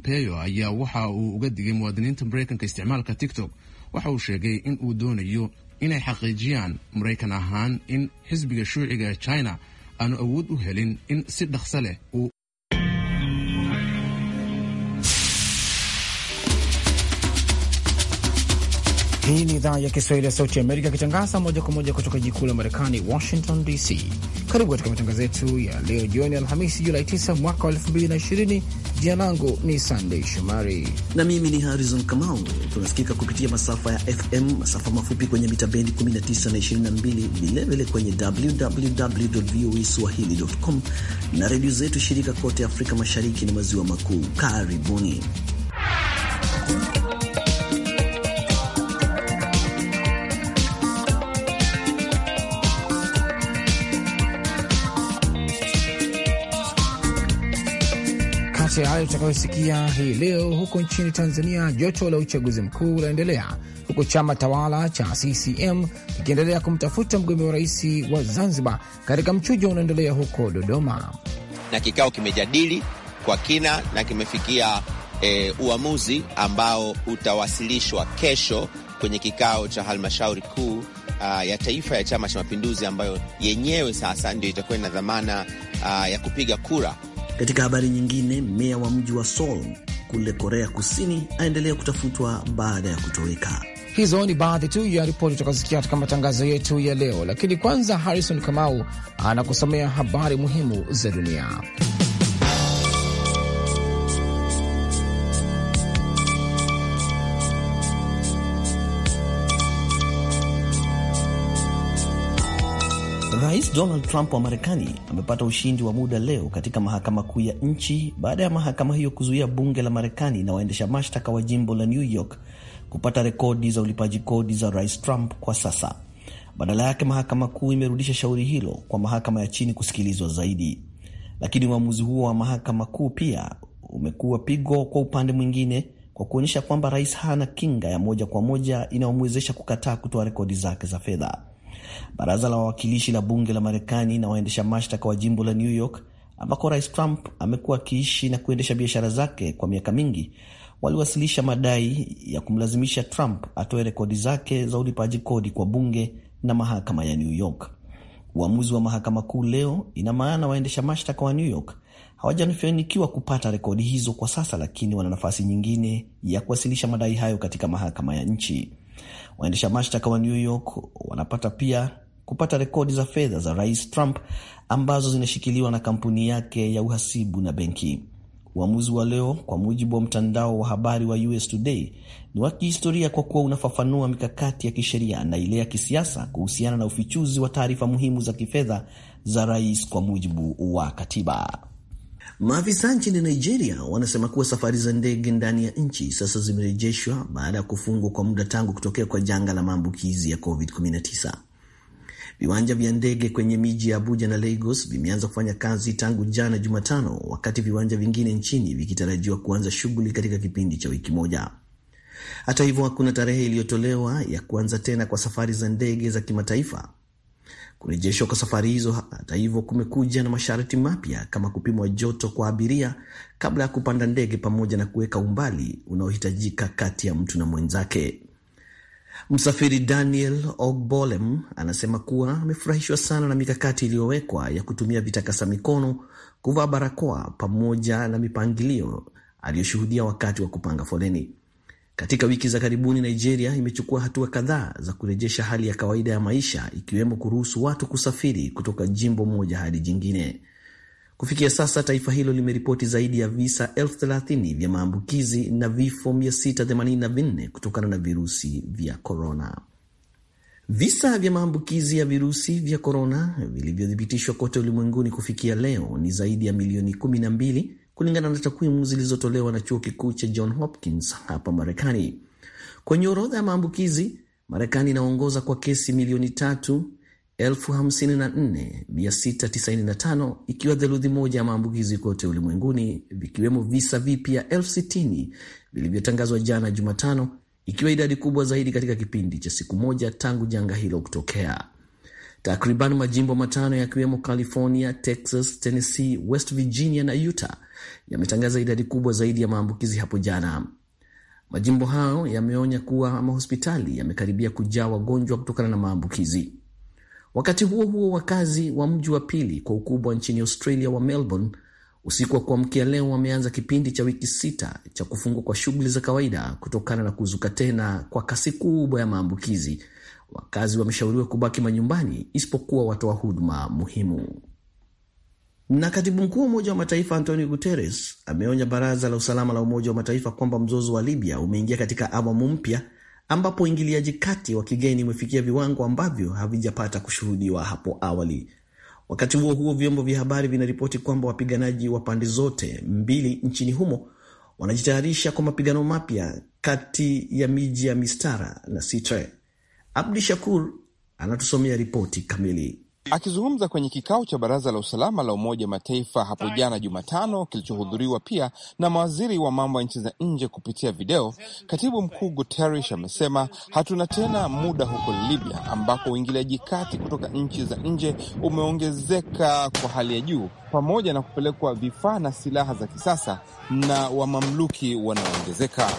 pompeo ayaa waxa uu uga digay muwaadiniinta maraykanka isticmaalka tictok waxa uu sheegay in uu doonayo inay xaqiijiyaan maraykan ahaan in xisbiga shuuciga china aanu awood u helin in si dhaqso leh uu Hii ni idhaa ya Kiswahili ya Sauti ya Amerika ikitangaza moja kwa moja kutoka jikuu la Marekani, Washington DC. Karibu katika matangazo yetu ya leo jioni, Alhamisi Julai 9 mwaka wa 2020. Jina langu ni Sandei Shomari na mimi ni Harrison Kamau. Tunasikika kupitia masafa ya FM, masafa mafupi kwenye mita bendi 19 na 22, vilevile kwenye www voa swahili.com na redio zetu shirika kote Afrika Mashariki na Maziwa Makuu. Karibuni kati ya hayo utakayosikia hii leo, huko nchini Tanzania joto la uchaguzi mkuu unaendelea huko chama tawala cha CCM kikiendelea kumtafuta mgombea wa rais wa Zanzibar katika mchujo unaendelea huko Dodoma, na kikao kimejadili kwa kina na kimefikia e, uamuzi ambao utawasilishwa kesho kwenye kikao cha halmashauri kuu Uh, ya taifa ya Chama cha Mapinduzi ambayo yenyewe sasa ndio itakuwa ina dhamana uh, ya kupiga kura katika habari nyingine, meya wa mji wa Seoul kule Korea Kusini aendelea kutafutwa baada ya kutoweka. Hizo ni baadhi tu ya ripoti utakazosikia katika matangazo yetu ya leo, lakini kwanza Harrison Kamau anakusomea habari muhimu za dunia. Rais Donald Trump wa Marekani amepata ushindi wa muda leo katika mahakama kuu ya nchi baada ya mahakama hiyo kuzuia bunge la Marekani na waendesha mashtaka wa jimbo la New York kupata rekodi za ulipaji kodi za Rais Trump kwa sasa. Badala yake, mahakama kuu imerudisha shauri hilo kwa mahakama ya chini kusikilizwa zaidi. Lakini uamuzi huo wa mahakama kuu pia umekuwa pigo kwa upande mwingine kwa kuonyesha kwamba rais hana kinga ya moja kwa moja inayomwezesha kukataa kutoa rekodi zake za fedha. Baraza la wawakilishi la bunge la Marekani na waendesha mashtaka wa jimbo la New York ambako Rais Trump amekuwa akiishi na kuendesha biashara zake kwa miaka mingi waliwasilisha madai ya kumlazimisha Trump atoe rekodi zake za ulipaji kodi kwa bunge na mahakama ya New York. Uamuzi wa mahakama kuu leo ina maana waendesha mashtaka wa New York hawajafanikiwa kupata rekodi hizo kwa sasa, lakini wana nafasi nyingine ya kuwasilisha madai hayo katika mahakama ya nchi. Waendesha mashtaka wa New York wanapata pia kupata rekodi za fedha za Rais Trump ambazo zinashikiliwa na kampuni yake ya uhasibu na benki. Uamuzi wa leo, kwa mujibu wa mtandao wa habari wa US Today, ni wa kihistoria kwa kuwa unafafanua mikakati ya kisheria na ile ya kisiasa kuhusiana na ufichuzi wa taarifa muhimu za kifedha za rais kwa mujibu wa katiba. Maafisa nchini Nigeria wanasema kuwa safari za ndege ndani ya nchi sasa zimerejeshwa baada ya kufungwa kwa muda tangu kutokea kwa janga la maambukizi ya COVID-19. Viwanja vya ndege kwenye miji ya Abuja na Lagos vimeanza kufanya kazi tangu jana Jumatano, wakati viwanja vingine nchini vikitarajiwa kuanza shughuli katika kipindi cha wiki moja. Hata hivyo, hakuna tarehe iliyotolewa ya kuanza tena kwa safari za ndege za kimataifa Kurejeshwa kwa safari hizo hata hivyo kumekuja na masharti mapya kama kupimwa joto kwa abiria kabla ya kupanda ndege pamoja na kuweka umbali unaohitajika kati ya mtu na mwenzake. Msafiri Daniel Ogbolem anasema kuwa amefurahishwa sana na mikakati iliyowekwa ya kutumia vitakasa mikono, kuvaa barakoa pamoja na mipangilio aliyoshuhudia wakati wa kupanga foleni. Katika wiki za karibuni, Nigeria imechukua hatua kadhaa za kurejesha hali ya kawaida ya maisha, ikiwemo kuruhusu watu kusafiri kutoka jimbo moja hadi jingine. Kufikia sasa taifa hilo limeripoti zaidi ya visa elfu thelathini vya maambukizi na vifo 684 kutokana na virusi vya korona. Visa vya maambukizi ya virusi vya korona vilivyothibitishwa kote ulimwenguni kufikia leo ni zaidi ya milioni 12 kulingana na takwimu zilizotolewa na chuo kikuu cha John Hopkins hapa Marekani. Kwenye orodha ya maambukizi, Marekani inaongoza kwa kesi milioni tatu 54695 ikiwa theluthi moja ya maambukizi kote ulimwenguni, vikiwemo visa vipya 60,000 vilivyotangazwa jana Jumatano, ikiwa idadi kubwa zaidi katika kipindi cha siku moja tangu janga hilo kutokea. Takriban majimbo matano yakiwemo California, Texas, Tennessee, West Virginia na Utah yametangaza idadi kubwa zaidi ya maambukizi hapo jana. Majimbo hayo yameonya kuwa mahospitali yamekaribia kujaa wagonjwa kutokana na maambukizi. Wakati huo huo, wakazi wa mji wa pili kwa ukubwa nchini Australia wa Melbourne usiku wa kuamkia leo wameanza kipindi cha wiki sita cha kufungwa kwa shughuli za kawaida kutokana na kuzuka tena kwa kasi kubwa ya maambukizi wakazi wameshauriwa kubaki manyumbani isipokuwa watoa huduma muhimu. Na katibu mkuu wa Umoja wa Mataifa Antonio Guterres ameonya Baraza la Usalama la Umoja wa Mataifa kwamba mzozo wa Libya umeingia katika awamu mpya ambapo uingiliaji kati wa kigeni umefikia viwango ambavyo havijapata kushuhudiwa hapo awali. Wakati huo huo, vyombo vya habari vinaripoti kwamba wapiganaji wa pande zote mbili nchini humo wanajitayarisha kwa mapigano mapya kati ya miji ya Mistara na Sitre. Abdi Shakur anatusomea ripoti kamili. Akizungumza kwenye kikao cha baraza la usalama la Umoja wa Mataifa hapo jana Jumatano, kilichohudhuriwa pia na mawaziri wa mambo ya nchi za nje kupitia video, katibu mkuu Guterres amesema hatuna tena muda huko Libya ambako uingiliaji kati kutoka nchi za nje umeongezeka kwa hali ya juu, pamoja na kupelekwa vifaa na silaha za kisasa na wamamluki wanaoongezeka.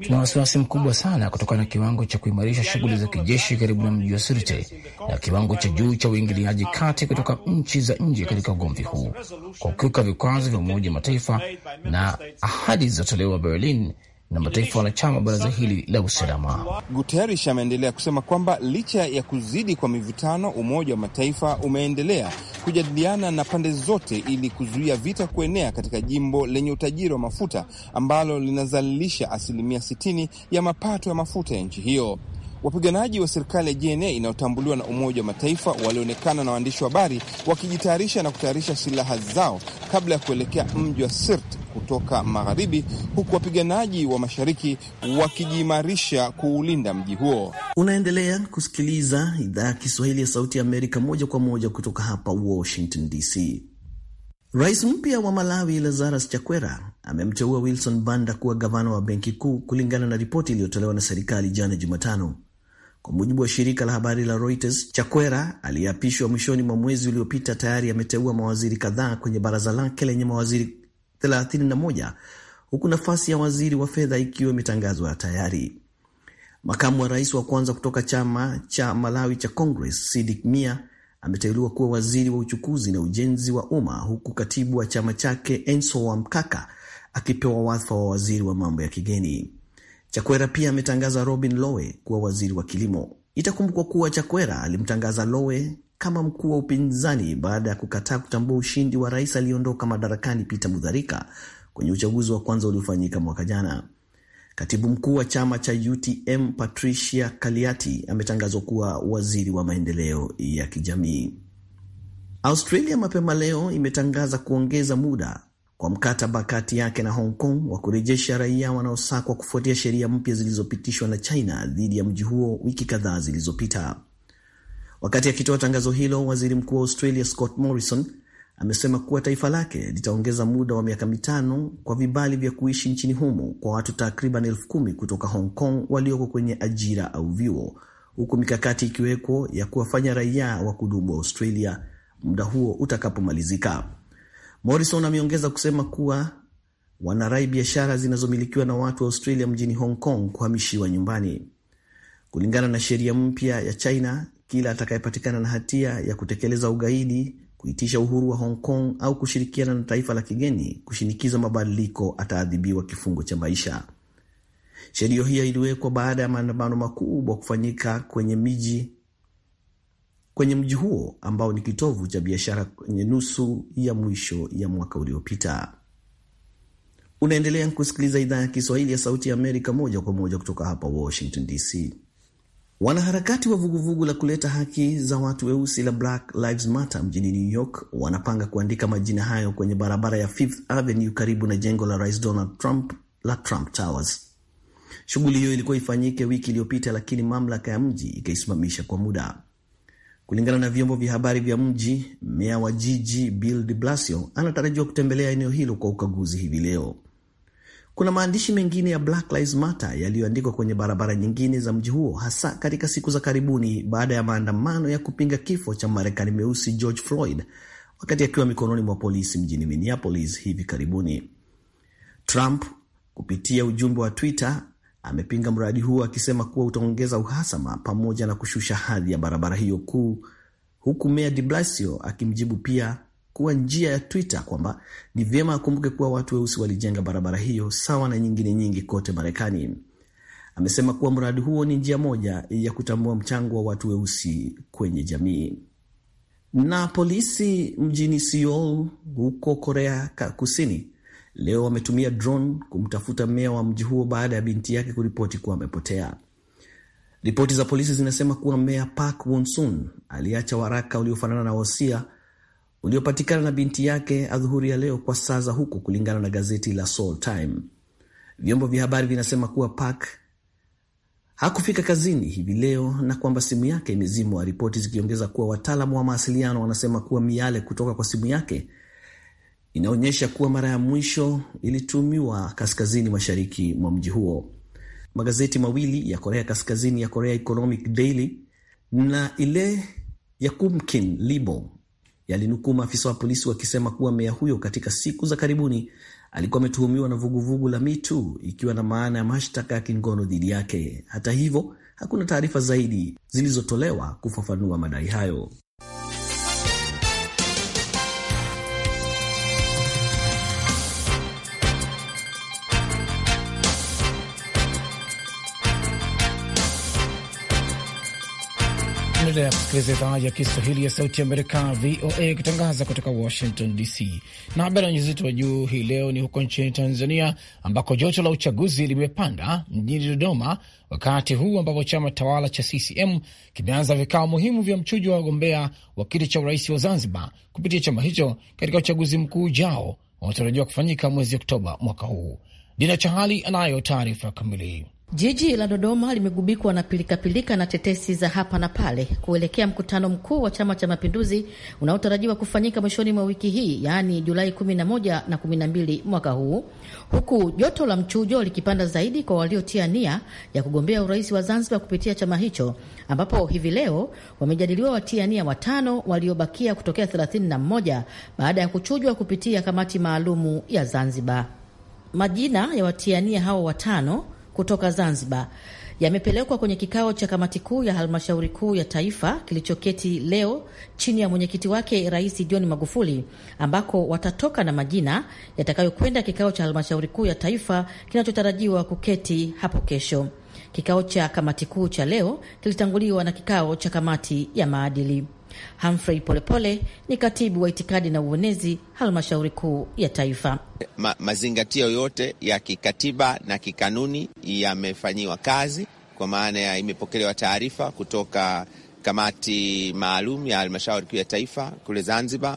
Tuna wasiwasi mkubwa sana kutokana na kiwango cha kuimarisha shughuli za kijeshi karibu na mji wa Sirte na kiwango cha juu cha uingiliaji kati kutoka nchi za nje katika ugomvi huu, kwa kukiuka vikwazo vya Umoja Mataifa na ahadi zilizotolewa Berlin na mataifa wanachama baraza hili la usalama. Guterish ameendelea kusema kwamba licha ya kuzidi kwa mivutano, Umoja wa Mataifa umeendelea kujadiliana na pande zote ili kuzuia vita kuenea katika jimbo lenye utajiri wa mafuta ambalo linazalisha asilimia 60 ya mapato ya mafuta ya nchi hiyo. Wapiganaji wa serikali ya JNA inayotambuliwa na Umoja wa Mataifa walionekana na waandishi wa habari wakijitayarisha na kutayarisha silaha zao kabla ya kuelekea mji wa sirt kutoka magharibi, huku wapiganaji wa mashariki wakijiimarisha kuulinda mji huo. Unaendelea kusikiliza idhaa ya Kiswahili ya Sauti ya Amerika moja kwa moja kutoka hapa Washington DC. Rais mpya wa Malawi Lazarus Chakwera amemteua Wilson Banda kuwa gavana wa benki kuu kulingana na ripoti iliyotolewa na serikali jana Jumatano. Kwa mujibu wa shirika la habari la Reuters, Chakwera aliyeapishwa mwishoni mwa mwezi uliopita tayari ameteua mawaziri kadhaa kwenye baraza lake lenye mawaziri 31 huku nafasi ya waziri wa fedha ikiwa imetangazwa tayari. Makamu wa rais wa kwanza kutoka chama cha Malawi cha Congress, Sidik Mia, ameteuliwa kuwa waziri wa uchukuzi na ujenzi wa umma, huku katibu wa chama chake Enso wa mkaka akipewa wadhifa wa waziri wa mambo ya kigeni. Chakwera pia ametangaza Robin Lowe kuwa waziri wa kilimo. Itakumbukwa kuwa Chakwera alimtangaza Lowe kama mkuu wa upinzani baada ya kukataa kutambua ushindi wa rais aliyeondoka madarakani Peter Mutharika kwenye uchaguzi wa kwanza uliofanyika mwaka jana. Katibu mkuu wa chama cha UTM Patricia Kaliati ametangazwa kuwa waziri wa maendeleo ya kijamii. Australia mapema leo imetangaza kuongeza muda kwa mkataba kati yake na Hong Kong wa kurejesha raia wanaosakwa kufuatia sheria mpya zilizopitishwa na China dhidi ya mji huo wiki kadhaa zilizopita. Wakati akitoa tangazo hilo, waziri mkuu wa Australia Scott Morrison amesema kuwa taifa lake litaongeza muda wa miaka mitano kwa vibali vya kuishi nchini humo kwa watu takriban elfu kumi kutoka Hong Kong walioko kwenye ajira au vyuo, huku mikakati ikiwekwa ya kuwafanya raia wa kudumu wa Australia muda huo utakapomalizika. Morrison ameongeza kusema kuwa wanarai biashara zinazomilikiwa na watu wa Australia mjini Hong Kong kuhamishiwa nyumbani. Kulingana na sheria mpya ya China, kila atakayepatikana na hatia ya kutekeleza ugaidi, kuitisha uhuru wa Hong Kong au kushirikiana na taifa la kigeni kushinikiza mabadiliko ataadhibiwa kifungo cha maisha. Sheria hiyo iliwekwa baada ya maandamano makubwa kufanyika kwenye miji kwenye mji huo ambao ni kitovu cha biashara kwenye nusu ya mwisho ya mwaka uliopita. Unaendelea kusikiliza idhaa ya Kiswahili ya Sauti ya Amerika moja kwa moja kutoka hapa Washington DC. Wanaharakati wa vuguvugu vugu la kuleta haki za watu weusi la Black Lives Matter mjini New York wanapanga kuandika majina hayo kwenye barabara ya Fifth Avenue karibu na jengo la Rais Donald Trump la Trump Towers. Shughuli hiyo ilikuwa ifanyike wiki iliyopita, lakini mamlaka ya mji ikaisimamisha kwa muda. Kulingana na vyombo vya habari vya mji, meya wa jiji Bill de Blasio anatarajiwa kutembelea eneo hilo kwa ukaguzi hivi leo. Kuna maandishi mengine ya Black Lives Matter yaliyoandikwa kwenye barabara nyingine za mji huo, hasa katika siku za karibuni baada ya maandamano ya kupinga kifo cha Marekani meusi George Floyd wakati akiwa mikononi mwa polisi mjini Minneapolis hivi karibuni. Trump kupitia ujumbe wa Twitter amepinga mradi huo akisema kuwa utaongeza uhasama pamoja na kushusha hadhi ya barabara hiyo kuu, huku meya de Blasio akimjibu pia kuwa njia ya Twitter kwamba ni vyema akumbuke kuwa watu weusi walijenga barabara hiyo sawa na nyingine nyingi kote Marekani. Amesema kuwa mradi huo ni njia moja ya kutambua mchango wa watu weusi kwenye jamii. Na polisi mjini Seoul huko Korea Kusini leo wametumia drone kumtafuta meya wa mji huo baada ya binti yake kuripoti kuwa amepotea. Ripoti za polisi zinasema kuwa meya Park Wonsun aliacha waraka uliofanana na wosia uliopatikana na binti yake adhuhuri ya leo kwa saa za huko, kulingana na gazeti la Seoul Time. Vyombo vya habari vinasema kuwa Park hakufika kazini hivi leo na kwamba simu yake imezimwa, ripoti zikiongeza kuwa wataalamu wa mawasiliano wanasema kuwa miale kutoka kwa simu yake inaonyesha kuwa mara ya mwisho ilitumiwa kaskazini mashariki mwa mji huo. Magazeti mawili ya Korea Kaskazini ya Korea Economic Daily na ile ya Kumkin Libo yalinukuu maafisa wa polisi wakisema kuwa meya huyo katika siku za karibuni alikuwa ametuhumiwa na vuguvugu la mitu ikiwa na maana ya mashtaka ya kingono dhidi yake. Hata hivyo, hakuna taarifa zaidi zilizotolewa kufafanua madai hayo. Unaendelea kusikiliza idhaa ya Kiswahili ya Sauti ya Amerika, VOA, ikitangaza kutoka Washington DC. Na habari yenye uzito wa juu hii leo ni huko nchini Tanzania, ambako joto la uchaguzi limepanda mjini Dodoma, wakati huu ambapo chama tawala cha CCM kimeanza vikao muhimu vya mchujo wa wagombea wa kiti cha urais wa Zanzibar kupitia chama hicho katika uchaguzi mkuu ujao unaotarajiwa kufanyika mwezi Oktoba mwaka huu. Dina Chahali anayo taarifa kamili. Jiji la Dodoma limegubikwa na pilikapilika na tetesi za hapa na pale kuelekea mkutano mkuu wa Chama cha Mapinduzi unaotarajiwa kufanyika mwishoni mwa wiki hii, yaani Julai 11 na 12 mwaka huu, huku joto la mchujo likipanda zaidi kwa waliotia nia ya kugombea urais wa Zanzibar kupitia chama hicho, ambapo hivi leo wamejadiliwa watia nia watano waliobakia kutokea 31 baada ya kuchujwa kupitia kamati maalumu ya Zanzibar. Majina ya watiania hao watano kutoka Zanzibar yamepelekwa kwenye kikao cha kamati kuu ya halmashauri kuu ya taifa kilichoketi leo chini ya mwenyekiti wake Rais John Magufuli, ambako watatoka na majina yatakayokwenda kikao cha halmashauri kuu ya taifa kinachotarajiwa kuketi hapo kesho. Kikao cha kamati kuu cha leo kilitanguliwa na kikao cha kamati ya maadili. Humphrey Polepole ni katibu wa itikadi na uenezi halmashauri kuu ya taifa. Ma, mazingatio yote ya kikatiba na kikanuni yamefanyiwa kazi kwa maana ya imepokelewa taarifa kutoka kamati maalum ya halmashauri kuu ya taifa kule Zanzibar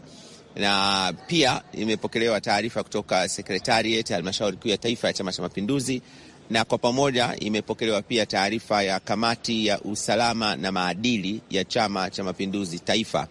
na pia imepokelewa taarifa kutoka sekretarieti ya halmashauri kuu ya taifa ya Chama cha Mapinduzi na kwa pamoja imepokelewa pia taarifa ya kamati ya usalama na maadili ya Chama cha Mapinduzi Taifa,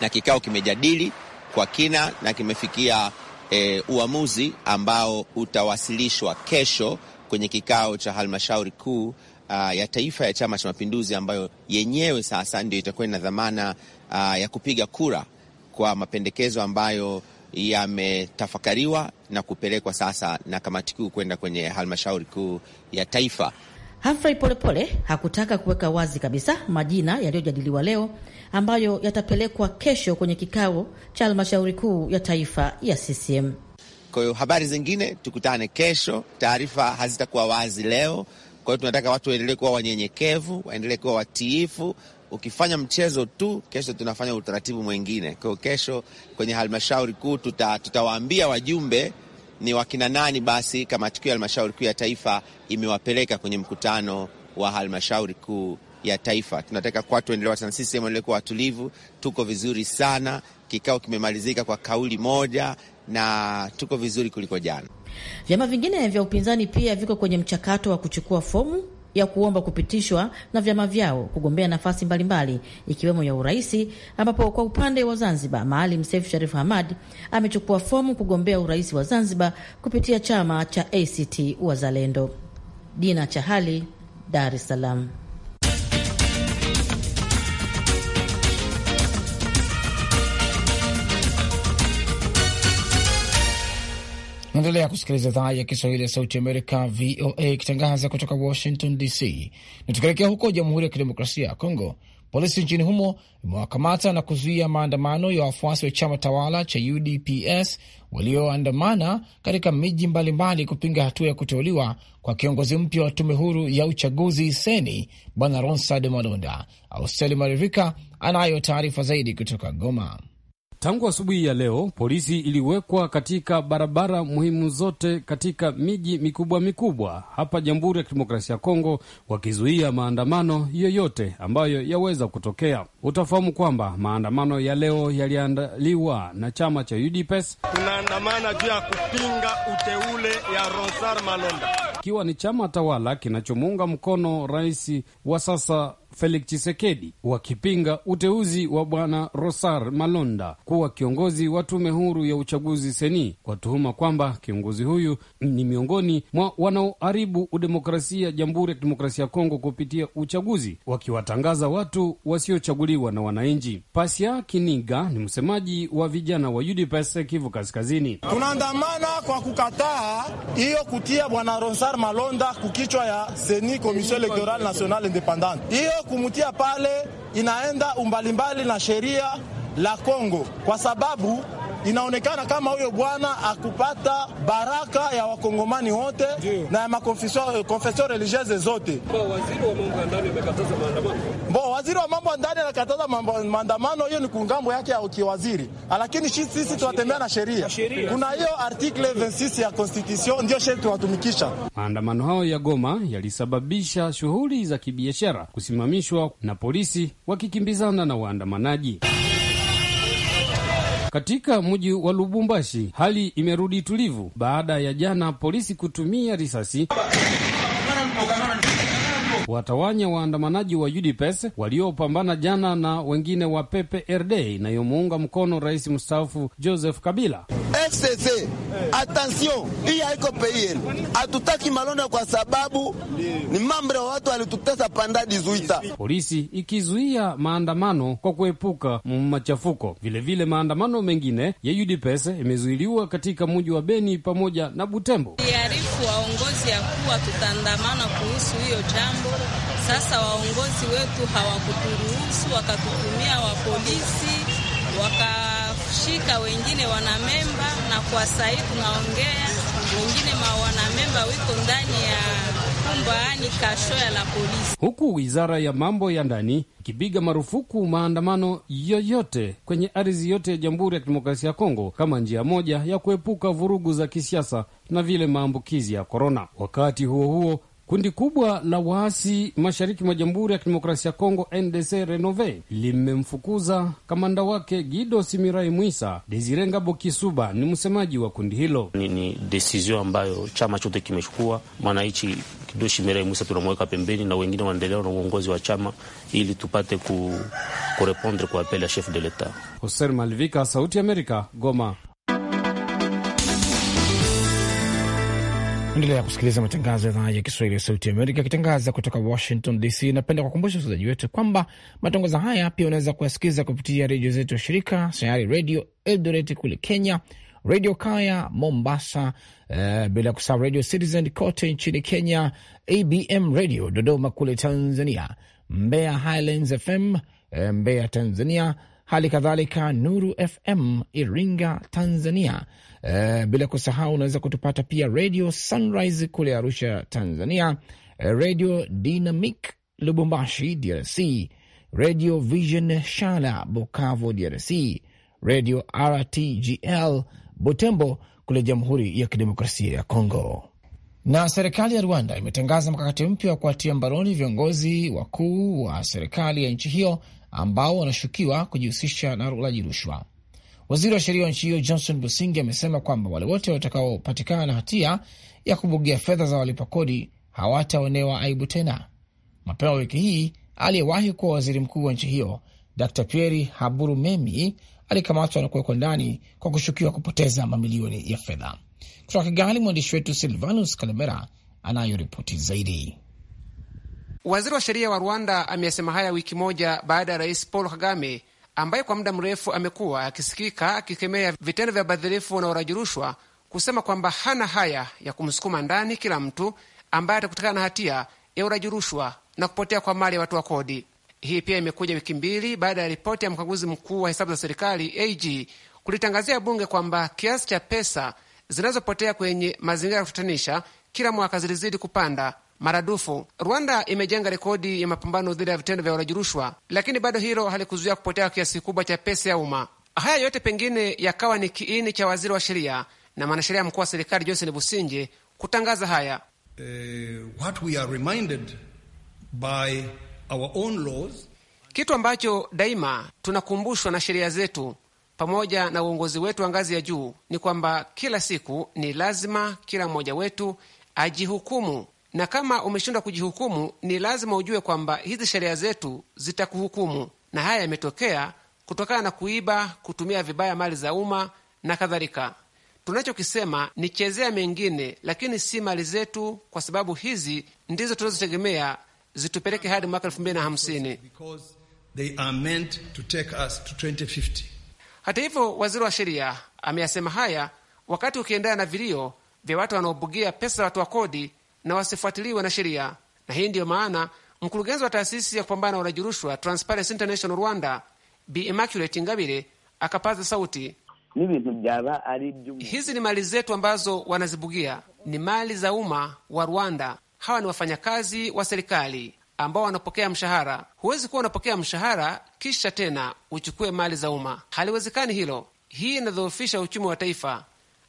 na kikao kimejadili kwa kina na kimefikia e, uamuzi ambao utawasilishwa kesho kwenye kikao cha halmashauri kuu a, ah, ya taifa ya Chama cha Mapinduzi, ambayo yenyewe sasa ndio itakuwa ina dhamana ah, ya kupiga kura kwa mapendekezo ambayo yametafakariwa na kupelekwa sasa na kamati kuu kwenda kwenye halmashauri kuu ya taifa. Humphrey Polepole hakutaka kuweka wazi kabisa majina yaliyojadiliwa leo ambayo yatapelekwa kesho kwenye kikao cha halmashauri kuu ya taifa ya CCM. Kwa hiyo habari zingine tukutane kesho, taarifa hazitakuwa wazi leo. Kwa hiyo tunataka watu waendelee kuwa wanyenyekevu, waendelee kuwa watiifu ukifanya mchezo tu, kesho tunafanya utaratibu mwingine. Kwa kesho kwenye halmashauri kuu tuta, tutawaambia wajumbe ni wakina nani basi kamati kuu ya halmashauri kuu ya taifa imewapeleka kwenye mkutano wa halmashauri kuu ya taifa. Tunataka kwa tuendelee sana, sisi sehemu endelee kuwa watulivu, tuko vizuri sana. Kikao kimemalizika kwa kauli moja na tuko vizuri kuliko jana. Vyama vingine vya upinzani pia viko kwenye mchakato wa kuchukua fomu ya kuomba kupitishwa na vyama vyao kugombea nafasi mbalimbali ikiwemo ya uraisi, ambapo kwa upande wa Zanzibar Maalim Seif Sharif Hamad amechukua fomu kugombea urais wa Zanzibar kupitia chama cha ACT Wazalendo. Dina Chahali, Dar es Salaam. Naendelea kusikiliza idhaa ya Kiswahili ya Sauti Amerika, VOA, ikitangaza kutoka Washington DC. Na tukielekea huko Jamhuri ya Kidemokrasia ya Kongo, polisi nchini humo imewakamata na kuzuia maandamano ya wafuasi wa chama tawala cha UDPS walioandamana katika miji mbalimbali kupinga hatua ya kuteuliwa kwa kiongozi mpya wa tume huru ya uchaguzi seni Bwana Ronsa de Malonda. Austeli Marivika anayo taarifa zaidi kutoka Goma. Tangu asubuhi ya leo, polisi iliwekwa katika barabara muhimu zote katika miji mikubwa mikubwa hapa Jamhuri ya Kidemokrasia ya Kongo, wakizuia maandamano yoyote ambayo yaweza kutokea. Utafahamu kwamba maandamano ya leo yaliandaliwa na chama cha UDPS. Tunaandamana juu ya kupinga uteule ya Ronsar Malonda, ikiwa ni chama tawala kinachomuunga mkono rais wa sasa Felix Chisekedi wakipinga uteuzi wa bwana Rosar Malonda kuwa kiongozi wa tume huru ya uchaguzi seni kwa tuhuma kwamba kiongozi huyu ni miongoni mwa wanaoharibu udemokrasia Jamhuri ya Kidemokrasia ya Kongo kupitia uchaguzi, wakiwatangaza watu wasiochaguliwa na wananchi. Pasia Kiniga ni msemaji wa vijana wa UDPS Kivu Kaskazini. Tunaandamana kwa kukataa hiyo kutia bwana Rosar Malonda kukichwa ya seni Komision Elektorale Nationale Independante hiyo Leo kumtia pale inaenda umbalimbali na sheria la Kongo kwa sababu inaonekana kama huyo bwana akupata baraka ya wakongomani wote na ya makonfesio eh, religieuse zote. Bo waziri wa mambo ya ndani anakataza maandamano, hiyo ni kungambo yake ya kiwaziri, lakini sisi tunatembea na sheria. Kuna hiyo article 26 ya constitution ndio sheria tunatumikisha. Maandamano hayo ya Goma yalisababisha shughuli za kibiashara kusimamishwa na polisi wakikimbizana na waandamanaji. Katika mji wa Lubumbashi hali imerudi tulivu baada ya jana polisi kutumia risasi watawanya waandamanaji wa UDPS waliopambana jana na wengine wa PPRD inayomuunga mkono rais mstaafu Joseph Kabila. FCC, eh. attention, hii haiko pei yenu. Hatutaki malonda kwa sababu ni mambo ya watu walitutesa panda dizuita. Polisi ikizuia maandamano kwa kuepuka machafuko. Vilevile maandamano mengine ya UDPS imezuiliwa katika mji wa Beni pamoja na Butembo. Iarifu waongozi ya kuwa tutaandamana kuhusu hiyo jambo. Sasa waongozi wetu hawakuturuhusu, wakatutumia wapolisi waka tunashika wengine wanamemba, na kwa sahii tunaongea wengine memba wiko ndani ya kumbaani ya la polisi, huku wizara ya mambo ya ndani ikipiga marufuku maandamano yoyote kwenye ardhi yote ya Jamhuri ya Kidemokrasia ya Kongo kama njia moja ya kuepuka vurugu za kisiasa na vile maambukizi ya korona. Wakati huo huo Kundi kubwa la waasi mashariki mwa Jamhuri ya Kidemokrasia ya Kongo, NDC Renove, limemfukuza kamanda wake Gido Simirai Mwisa. Desirenga Bokisuba ni msemaji wa kundi hilo. Ni, ni desizio ambayo chama chote kimechukua. Mwananchi Gido Simirai Mwisa tunamweka pembeni na wengine wanaendelea na uongozi wa chama ili tupate ku, kurepondre kwa apeli ya chef de l'etat. Hoser Malvika, Sauti Amerika, Goma. Endelea kusikiliza matangazo ya idhaa ya Kiswahili ya Sauti Amerika yakitangaza kutoka Washington DC. Napenda kukumbusha wasikilizaji wetu kwamba matangazo haya pia unaweza kuyasikiliza kupitia redio zetu ya shirika Sayari Redio Eldoret kule Kenya, Redio Kaya Mombasa, uh, bila kusahau Radio Citizen kote nchini Kenya, ABM Radio Dodoma kule Tanzania, Mbeya Highlands FM eh, Mbeya Tanzania, hali kadhalika Nuru FM Iringa, Tanzania. E, bila kusahau unaweza kutupata pia Radio Sunrise kule Arusha, Tanzania, e, Radio Dynamic Lubumbashi, DRC, Radio Vision Shala Bukavu, DRC, Radio RTGL Butembo kule Jamhuri ya Kidemokrasia ya Kongo. Na serikali ya Rwanda imetangaza mkakati mpya wa kuwatia mbaroni viongozi wakuu wa serikali ya nchi hiyo ambao wanashukiwa kujihusisha na ulaji rushwa. Waziri wa sheria wa nchi hiyo Johnson Busingi amesema kwamba wale wote watakaopatikana na hatia ya kubugia fedha za walipa kodi hawataonewa aibu tena. Mapema wiki hii aliyewahi kuwa waziri mkuu wa nchi hiyo Dr Pieri Haburu Memi alikamatwa na kuwekwa ndani kwa kushukiwa kupoteza mamilioni ya fedha. Kutoka Kigali, mwandishi wetu Silvanus Kalemera anayo ripoti zaidi. Waziri wa sheria wa Rwanda ameyasema haya wiki moja baada ya rais Paul Kagame ambaye kwa muda mrefu amekuwa akisikika akikemea vitendo vya ubadhirifu na uraji rushwa kusema kwamba hana haya ya kumsukuma ndani kila mtu ambaye atakutikana na hatia ya uraji rushwa na kupotea kwa mali ya watu wa kodi. Hii pia imekuja wiki mbili baada ya ripoti ya mkaguzi mkuu wa hesabu za serikali AG kulitangazia bunge kwamba kiasi cha pesa zinazopotea kwenye mazingira ya kutatanisha kila mwaka zilizidi kupanda maradufu. Rwanda imejenga rekodi ya mapambano dhidi ya vitendo vya ulaji rushwa, lakini bado hilo halikuzuia kupotea kwa kiasi kikubwa cha pesa ya umma. Haya yote pengine yakawa ni kiini cha waziri wa sheria na mwanasheria mkuu wa serikali Johnson Businje kutangaza haya. Uh, what we are reminded by our own laws, kitu ambacho daima tunakumbushwa na sheria zetu pamoja na uongozi wetu wa ngazi ya juu ni kwamba kila siku ni lazima kila mmoja wetu ajihukumu na kama umeshindwa kujihukumu, ni lazima ujue kwamba hizi sheria zetu zitakuhukumu, na haya yametokea kutokana na kuiba, kutumia vibaya mali za umma na kadhalika. Tunachokisema ni chezea mengine, lakini si mali zetu, kwa sababu hizi ndizo tunazotegemea zitupeleke hadi mwaka elfu mbili na hamsini. Hata hivyo, waziri wa sheria ameyasema haya wakati ukiendana na vilio vya watu wanaobugia pesa za watu wa kodi na wasifuatiliwe na sheria. Na hii ndiyo maana mkurugenzi wa taasisi ya kupambana na ulaji rushwa Transparency International Rwanda, Bi Immaculate Ingabire akapaza sauti, hizi ni mali zetu ambazo wanazibugia, ni mali za umma wa Rwanda. Hawa ni wafanyakazi wa serikali ambao wanapokea mshahara. Huwezi kuwa unapokea mshahara kisha tena uchukue mali za umma, haliwezekani hilo. Hii inadhoofisha uchumi wa taifa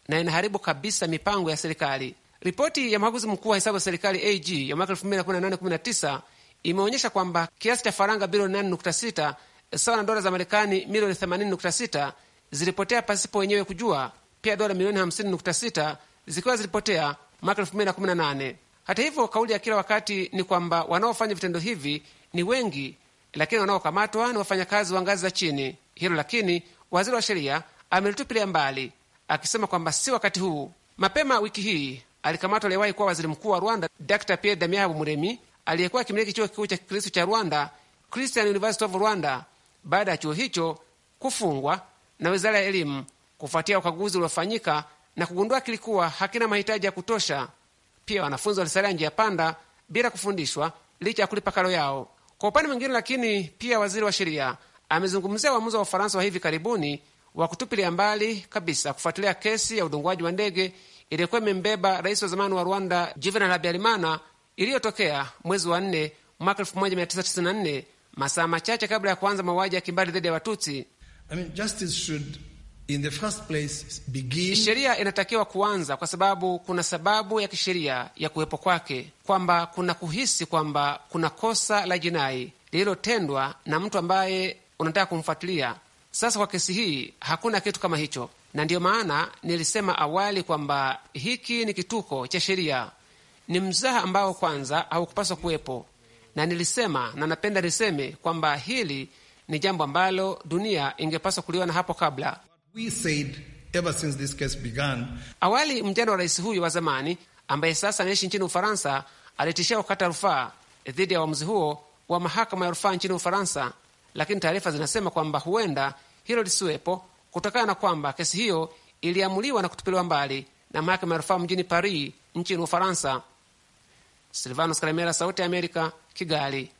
na inaharibu kabisa mipango ya serikali. Ripoti ya mkaguzi mkuu wa hesabu za serikali AG ya mwaka 2018/19 imeonyesha kwamba kiasi cha faranga bilioni 8.6 sawa na dola za Marekani milioni 80.6 zilipotea pasipo wenyewe kujua. Pia dola milioni 50.6 zikiwa zilipotea mwaka 2018. Hata hivyo, kauli ya kila wakati ni kwamba wanaofanya vitendo hivi ni wengi, lakini wanaokamatwa ni wafanyakazi wa ngazi za chini. Hilo lakini waziri wa sheria amelitupilia mbali akisema kwamba si wakati huu. Mapema wiki hii alikamatwa aliyewahi kuwa waziri mkuu wa Rwanda Dr Pierre Damiabo Muremi aliyekuwa akimiliki chuo kikuu cha kikristu cha Rwanda, Christian University of Rwanda, baada ya chuo hicho kufungwa na wizara ya elimu kufuatia ukaguzi uliofanyika na kugundua kilikuwa hakina mahitaji ya kutosha. Pia wanafunzi walisalia njia panda bila kufundishwa licha ya kulipa karo yao. Kwa upande mwingine, lakini pia waziri wa sheria amezungumzia uamuzi wa Ufaransa wa hivi karibuni wa kutupilia mbali kabisa kufuatilia kesi ya udunguaji wa ndege iliyokuwa imembeba rais wa zamani wa Rwanda Juvenal Habyarimana, iliyotokea mwezi wa nne mwaka 1994 masaa machache kabla ya kuanza mauaji ya kimbari dhidi ya Watutsi. I mean, begin... sheria inatakiwa kuanza kwa sababu kuna sababu ya kisheria ya kuwepo kwake, kwamba kuna kuhisi kwamba kuna kosa la jinai lililotendwa na mtu ambaye unataka kumfuatilia. Sasa kwa kesi hii hakuna kitu kama hicho na ndiyo maana nilisema awali kwamba hiki ni kituko cha sheria, ni mzaha ambao kwanza haukupaswa kuwepo, na nilisema na napenda niseme kwamba hili ni jambo ambalo dunia ingepaswa kuliona hapo kabla. Ever since this case began. Awali mjano wa rais huyo wa zamani ambaye sasa anaishi nchini Ufaransa alitishia kukata rufaa dhidi ya uamuzi huo wa mahakama ya rufaa nchini Ufaransa, lakini taarifa zinasema kwamba huenda hilo lisiwepo kutokana na kwamba kesi hiyo iliamuliwa na kutupiliwa mbali na mahakama ya rufaa mjini Paris nchini Ufaransa. Silvanos Kalemera, Sauti ya Amerika, Kigali.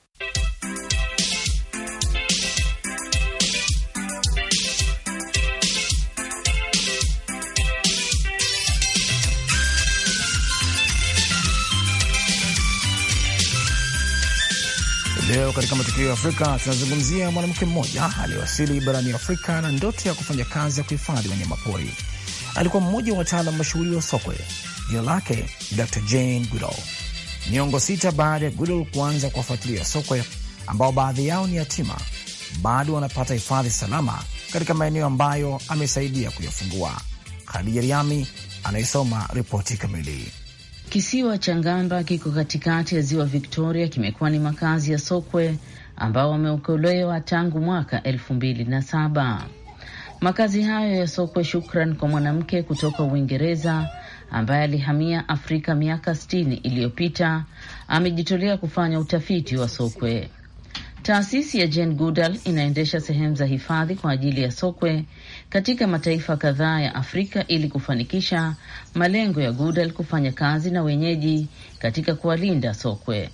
Leo katika matukio ya Afrika tunazungumzia mwanamke mmoja aliyewasili barani Afrika na ndoto ya kufanya kazi ya kuhifadhi wanyamapori. Alikuwa mmoja wa wataalam mashuhuri wa sokwe. Jina lake Dr Jane Goodall. Miongo sita baada ya Goodall kuanza kuwafuatilia sokwe ambao baadhi yao ni yatima, bado wanapata hifadhi salama katika maeneo ambayo amesaidia kuyafungua. Khadija Riami anayesoma ripoti kamili. Kisiwa cha Ngamba kiko katikati ya ziwa Victoria, kimekuwa ni makazi ya sokwe ambao wameokolewa tangu mwaka elfu mbili na saba. Makazi hayo ya sokwe shukran kwa mwanamke kutoka Uingereza ambaye alihamia Afrika miaka 6 iliyopita. Amejitolea kufanya utafiti wa sokwe. Taasisi ya Jane Goodall inaendesha sehemu za hifadhi kwa ajili ya sokwe katika mataifa kadhaa ya Afrika ili kufanikisha malengo ya Goodall kufanya kazi na wenyeji katika kuwalinda sokwe.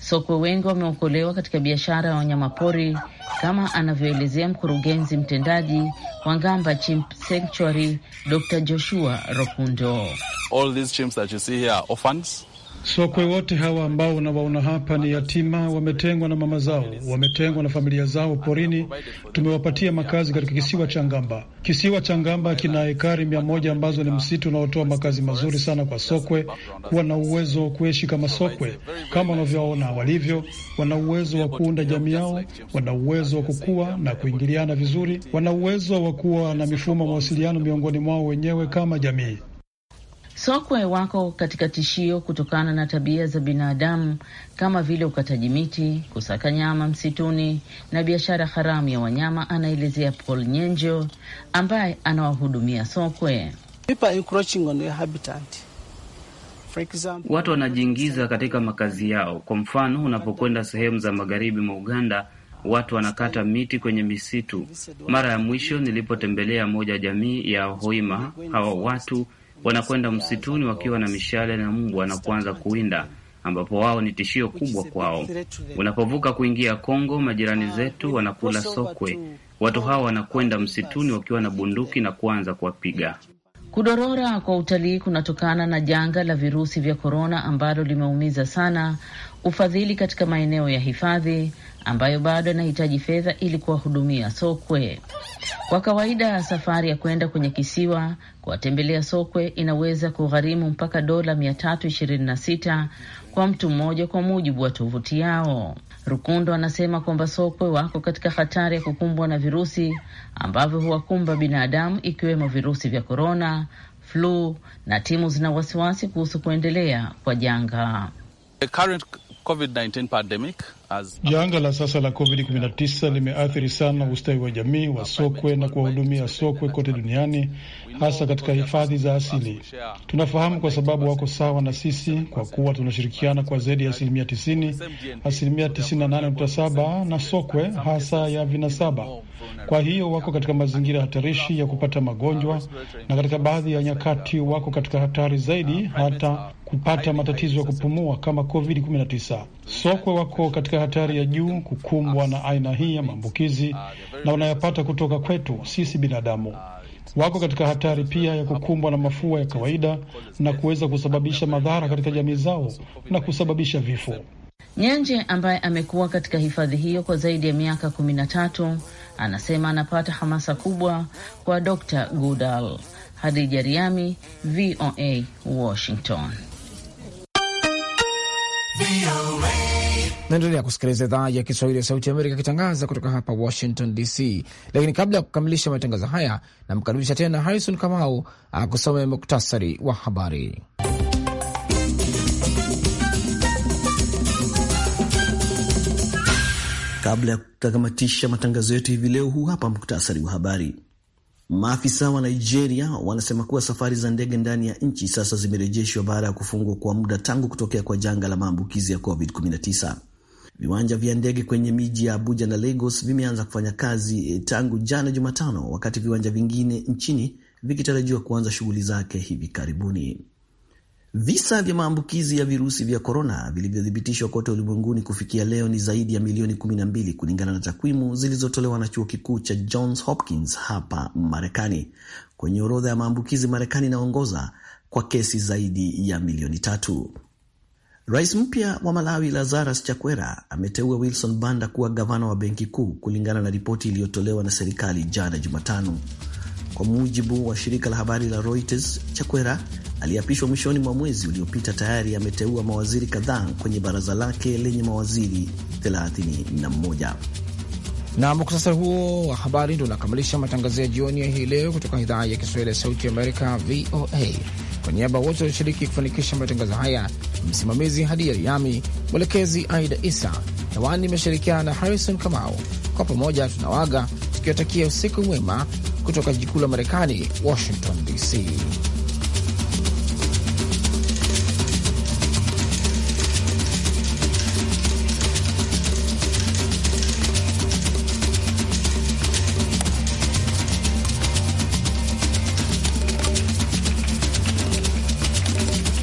Sokwe wengi wameokolewa katika biashara ya wanyamapori kama anavyoelezea mkurugenzi mtendaji wa Ngamba Chimp Sanctuary Dr. Joshua Rokundo. All these chimps that you see here are orphans. Sokwe wote hawa ambao unawaona hapa ni yatima, wametengwa na mama zao, wametengwa na familia zao porini. Tumewapatia makazi katika kisiwa cha Ngamba. Kisiwa cha Ngamba kina ekari mia moja ambazo ni msitu unaotoa makazi mazuri sana kwa sokwe kuwa na uwezo wa kuishi kama sokwe, kama wanavyoona walivyo. Wana uwezo wa kuunda jamii yao, wana uwezo wa kukua na kuingiliana vizuri, wana uwezo wa kuwa na mifumo mawasiliano miongoni mwao wenyewe kama jamii. Sokwe wako katika tishio kutokana na tabia za binadamu kama vile ukataji miti, kusaka nyama msituni na biashara haramu ya wanyama, anaelezea Paul Nyenjo ambaye anawahudumia sokwe. watu wanajiingiza katika makazi yao. Kwa mfano, unapokwenda sehemu za magharibi mwa Uganda, watu wanakata miti kwenye misitu. Mara ya mwisho nilipotembelea moja jamii ya Hoima, hawa watu wanakwenda msituni wakiwa na mishale na mbwa na kuanza kuwinda, ambapo wao ni tishio kubwa kwao. Unapovuka kuingia Kongo, majirani zetu wanakula sokwe. Watu hawa wanakwenda msituni wakiwa na bunduki na kuanza kuwapiga. Kudorora kwa utalii kunatokana na janga la virusi vya korona ambalo limeumiza sana ufadhili katika maeneo ya hifadhi ambayo bado anahitaji fedha ili kuwahudumia sokwe. Kwa kawaida safari ya kwenda kwenye kisiwa kuwatembelea sokwe inaweza kugharimu mpaka dola 326 kwa mtu mmoja, kwa mujibu wa tovuti yao. Rukundo anasema kwamba sokwe wako katika hatari ya kukumbwa na virusi ambavyo huwakumba binadamu ikiwemo virusi vya korona, flu na timu zina wasiwasi kuhusu kuendelea kwa janga. The current COVID-19 pandemic as... janga la sasa la COVID-19 limeathiri sana ustawi wa jamii wa sokwe na kuwahudumia sokwe kote duniani, hasa katika hifadhi za asili. Tunafahamu kwa sababu wako sawa na sisi, kwa kuwa tunashirikiana kwa zaidi ya asilimia tisini, asilimia 98.7 na sokwe hasa ya vinasaba. Kwa hiyo wako katika mazingira hatarishi ya kupata magonjwa, na katika baadhi ya nyakati wako katika hatari zaidi hata kupata matatizo ya kupumua kama COVID-19. Sokwe wako katika hatari ya juu kukumbwa na aina hii ya maambukizi ah, na wanayapata kutoka kwetu sisi binadamu. Ah, wako katika hatari pia ya kukumbwa na mafua ya kawaida na kuweza kusababisha madhara katika jamii zao na kusababisha vifo. Nyanje ambaye amekuwa katika hifadhi hiyo kwa zaidi ya miaka kumi na tatu anasema anapata hamasa kubwa kwa Dr. Goodall. Hadija Riami, VOA, Washington. Naendelea kusikiliza idhaa ya Kiswahili ya Sauti ya Amerika ikitangaza kutoka hapa Washington DC. Lakini kabla ya kukamilisha matangazo haya, namkaribisha tena Harrison Kamau akusome muktasari wa habari. Kabla ya kukamatisha matangazo yetu hivi leo, huu hapa muktasari wa habari. Maafisa wa Nigeria wanasema kuwa safari za ndege ndani ya nchi sasa zimerejeshwa baada ya kufungwa kwa muda tangu kutokea kwa janga la maambukizi ya COVID-19. Viwanja vya ndege kwenye miji ya Abuja na Lagos vimeanza kufanya kazi eh, tangu jana Jumatano, wakati viwanja vingine nchini vikitarajiwa kuanza shughuli zake hivi karibuni. Visa vya maambukizi ya virusi vya korona vilivyothibitishwa kote ulimwenguni kufikia leo ni zaidi ya milioni 12 kulingana na takwimu zilizotolewa na chuo kikuu cha Johns Hopkins hapa Marekani. Kwenye orodha ya maambukizi, Marekani inaongoza kwa kesi zaidi ya milioni tatu. Rais mpya wa Malawi Lazarus Chakwera ameteua Wilson Banda kuwa gavana wa benki kuu kulingana na ripoti iliyotolewa na serikali jana Jumatano, kwa mujibu wa shirika la habari la Reuters. Chakwera aliyeapishwa mwishoni mwa mwezi uliopita tayari ameteua mawaziri kadhaa kwenye baraza lake lenye mawaziri 31. Na muktasari huo wa habari ndio unakamilisha matangazo ya jioni ya hii leo kutoka idhaa ya Kiswahili ya Sauti Amerika, VOA. Kwa niaba wote walioshiriki kufanikisha matangazo haya, msimamizi Hadi Yariami, mwelekezi Aida Isa. Hewani imeshirikiana na Harrison Kamau. Kwa pamoja tunawaga tukiwatakia usiku mwema kutoka jiji kuu la Marekani, Washington DC.